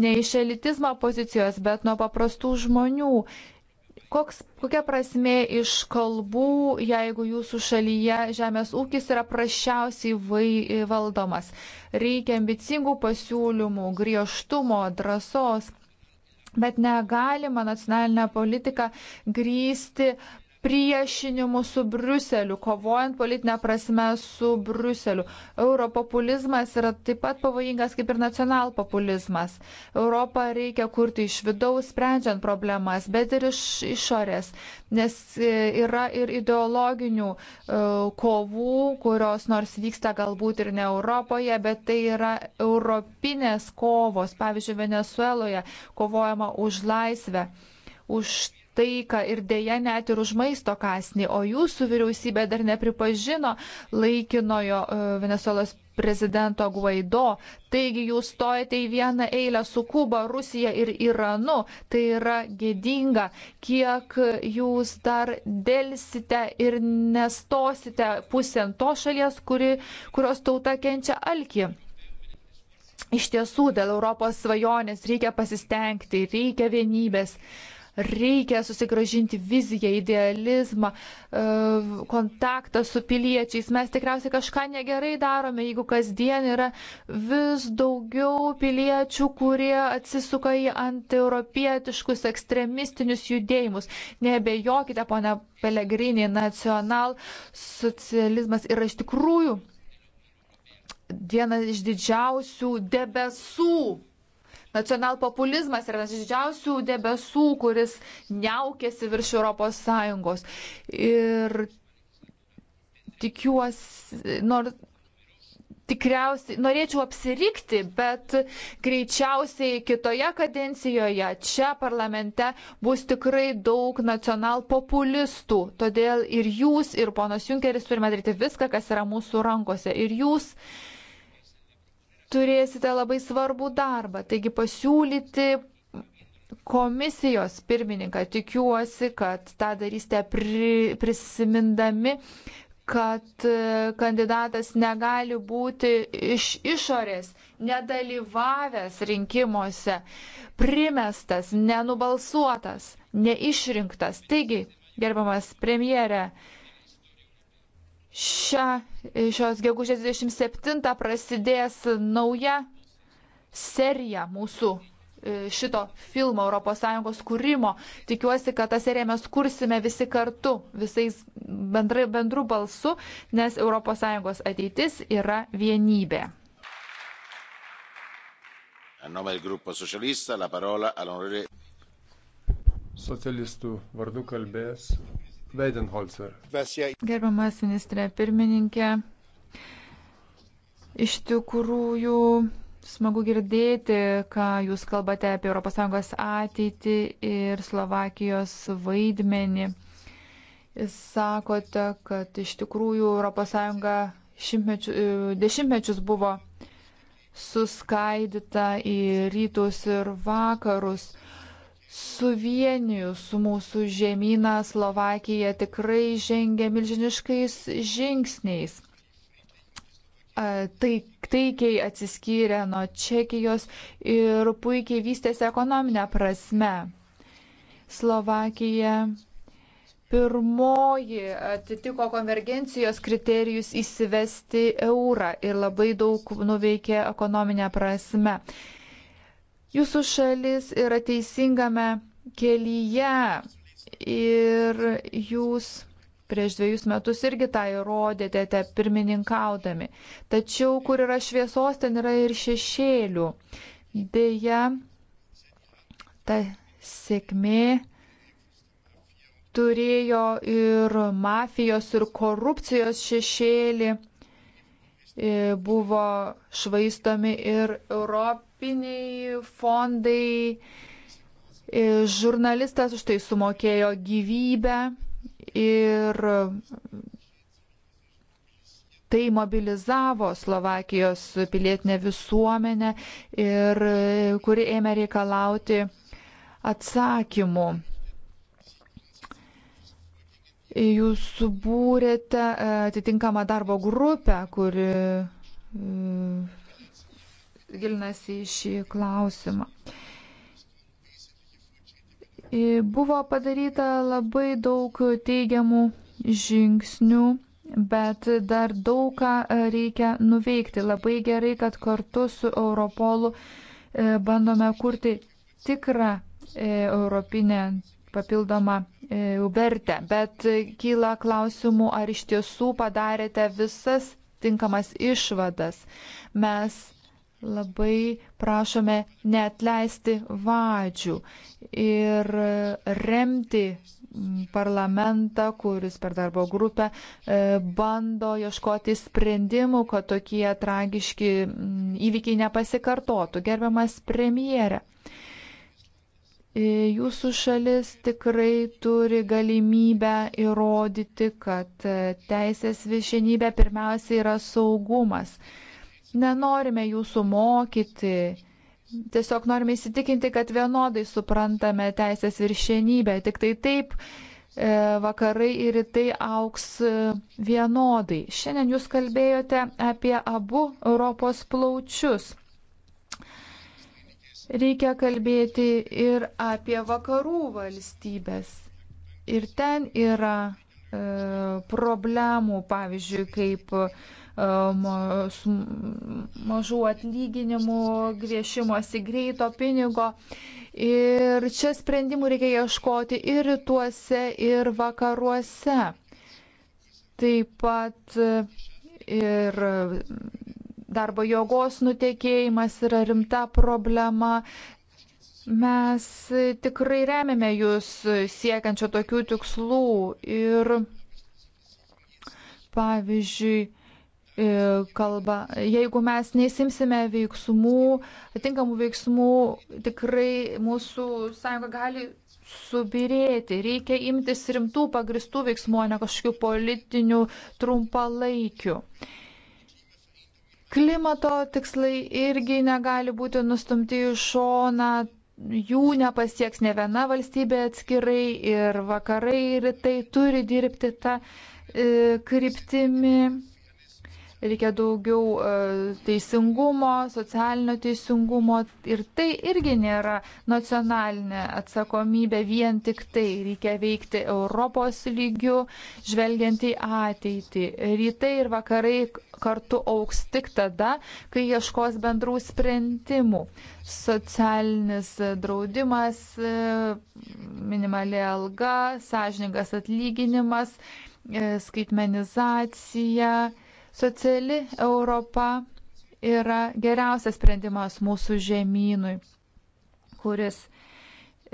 ne iš elitizmo pozicijos, bet nuo paprastų žmonių. Koks, kokia prasme iš kalbų, jeigu jūsų šalyje žemės ūkis yra prašiausiai vai, valdomas? Reikia ambicingų pasiūlymų, griežtumo, drąsos. Bet negalima nacionalinę politiką grįsti priešinimu su Bruseliu, kovojant politinę prasme su Bruseliu. Europopulizmas yra taip pat pavojingas kaip ir nacionalpopulizmas. Europą reikia kurti iš vidaus, sprendžiant problemas, bet ir iš išorės, nes e, yra ir ideologinių e, kovų, kurios nors vyksta galbūt ir ne Europoje, bet tai yra europinės kovos. Pavyzdžiui, Venezueloje kovojama už laisvę, už taiką ir dėja net ir už maisto kasnį, o jūsų vyriausybė dar nepripažino laikinojo e, Venezuelos prezidento Guaido. Taigi jūs stojate į vieną eilę su Kuba, Rusija ir Iranu. Tai yra gėdinga, kiek jūs dar dėlsite ir nestosite pusėn to šalies, kuri, kurios tauta kenčia alkį. Iš tiesų, dėl Europos svajonės reikia pasistengti, reikia vienybės. Reikia susigražinti viziją, idealizmą, e, kontaktą su piliečiais. Mes tikriausiai kažką negerai darome, jeigu kasdien yra vis daugiau piliečių, kurie atsisuka į antieuropietiškus ekstremistinius judėjimus. Nebejokite, ponia Pelegrinė, nacional socializmas yra iš tikrųjų vienas iš didžiausių debesų Nacionalpopulizmas yra vienas iš didžiausių debesų, kuris neaukėsi virš Europos Sąjungos. Ir tikiuosi, nors tikriausiai norėčiau apsirikti, bet greičiausiai kitoje kadencijoje čia parlamente bus tikrai daug nacionalpopulistų. Todėl ir jūs, ir ponas Junkeris turime daryti viską, kas yra mūsų rankose. Ir jūs turėsite labai svarbų darbą. Taigi pasiūlyti komisijos pirmininką tikiuosi, kad tą darysite pri, prisimindami, kad e, kandidatas negali būti iš išorės, nedalyvavęs rinkimuose, primestas, nenubalsuotas, neišrinktas. Taigi, gerbiamas premjere, Šia, šios gegužės 27 prasidės nauja serija mūsų e, šito filmo ES kūrimo. Tikiuosi, kad tą seriją mes kursime visi kartu, visais bendrai, bendru balsu, nes ES ateitis yra vienybė. Socialistų vardu kalbės Weidenholzer. Gerbiamas ministrė pirmininkė, iš tikrųjų smagu girdėti, ką Jūs kalbate apie ES ateitį ir Slovakijos vaidmenį. Sakote, kad iš tikrųjų ES šimtmečių, e, dešimtmečius buvo suskaidyta į rytus ir vakarus suvienijus mūsų žemyną Slovakija tikrai žengia milžiniškais žingsniais. Tai taikiai atsiskyrė nuo Čekijos ir puikiai vystėsi ekonominę prasme. Slovakija pirmoji atitiko konvergencijos kriterijus įsivesti eurą ir labai daug nuveikė ekonominę prasme. Jūsų šalis yra teisingame kelyje ir jūs prieš dviejus metus irgi tą įrodėte, te pirmininkaudami. Tačiau kur yra šviesos, ten yra ir šešėlių. Deja, ta sėkmė turėjo ir mafijos, ir korupcijos šešėlį. E, buvo švaistomi ir europiniai fondai. E, žurnalistas už tai sumokėjo gyvybę ir tai mobilizavo Slovakijos pilietinę visuomenę ir kuri ėmė reikalauti atsakymų. Jūs subūrėte e, atitinkamą darbo grupę, kuri e, gilinasi į šį klausimą. E, buvo padaryta labai daug teigiamų žingsnių, bet dar daug ką reikia nuveikti. Labai gerai, kad kartu su Europolu bandome kurti tikrą europinę papildomą e, vertę. Bet kyla klausimų, ar iš tiesų padarėte visas tinkamas išvadas. Mes labai prašome neatleisti vadžių ir remti parlamentą, kuris per darbo grupę e, bando ieškoti sprendimų, kad tokie tragiški įvykiai nepasikartotų. Gerbiamas premjerė, E, jūsų šalis tikrai turi galimybę įrodyti, kad e, teisės viršenybė pirmiausia yra saugumas. Nenorime jūsų mokyti. Tiesiog norime įsitikinti, kad vienodai suprantame teisės viršenybę. Tik tai taip e, vakarai ir rytai auks vienodai. Šiandien jūs kalbėjote apie abu Europos plaučius. Reikia kalbėti ir apie vakarų valstybės. Ir ten yra e, problemų, pavyzdžiui, kaip e, mažų atlyginimų, grėžimosi greito pinigo. Ir čia sprendimų reikia ieškoti ir rytuose, ir vakaruose. Taip pat e, ir darbo jėgos nutekėjimas yra rimta problema. Mes tikrai remiame jūs siekiančio tokių tikslų ir, pavyzdžiui, e, kalba. Jeigu mes neįsimsime veiksmų, atinkamų veiksmų, tikrai mūsų sąjunga gali subirėti. Reikia imtis rimtų pagristų veiksmų, o ne kažkokių politinių trumpalaikių. Uh, Klimato tikslai irgi negali būti nustumti į šoną, jų nepasieks ne viena valstybė atskirai ir vakarai ir tai turi dirbti tą e, kryptimį reikia daugiau e, teisingumo, socialinio teisingumo ir tai irgi nėra nacionalinė atsakomybė vien tik tai. Reikia veikti Europos lygių, žvelgiant į ateitį. Rytai ir vakarai kartu auks tik tada, kai ieškos bendrų sprendimų. Socialinis draudimas, e, minimali alga, sąžiningas atlyginimas, e, skaitmenizacija Sociali Europa yra geriausias sprendimas mūsų žemynui, kuris,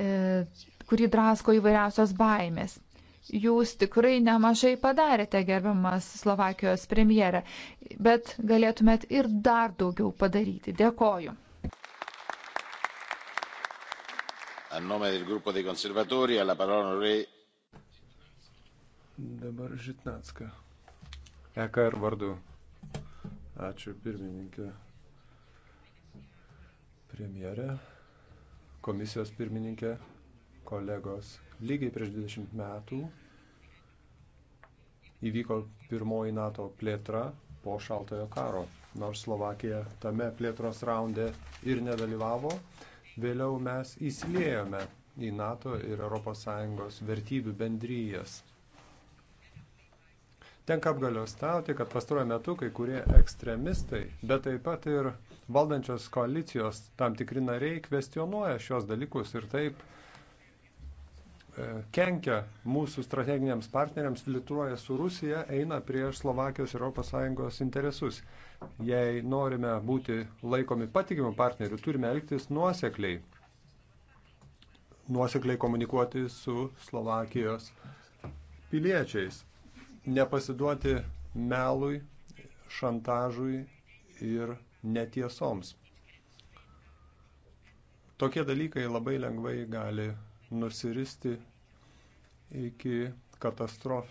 e, kurį drasko įvairiausios baimės. Jūs tikrai nemažai padarėte, gerbiamas Slovakijos premjerė, bet galėtumėt ir dar daugiau padaryti. Dėkoju. Dabar Žitnacka. EKR vardu. Ačiū pirmininkė. Premjerė, komisijos pirmininkė, kolegos. Lygiai prieš 20 metų įvyko pirmoji NATO plėtra po šaltojo karo. Nors Slovakija tame plėtros raunde ir nedalyvavo, vėliau mes įsiliejome į NATO ir ES vertybių bendryjas. Tenka apgaliostauti, kad pastaruoju metu kai kurie ekstremistai, bet taip pat ir valdančios koalicijos tam tikri nariai kvestionuoja šios dalykus ir taip e, kenkia mūsų strateginiams partneriams, filtruoja su Rusija, eina prieš Slovakijos ir ES interesus. Jei norime būti laikomi patikimų partnerių, turime elgtis nuosekliai. Nuosekliai komunikuoti su Slovakijos piliečiais nepasiduoti melui, šantažui ir netiesoms. Tokie dalykai labai lengvai gali nusiristi iki katastrofių.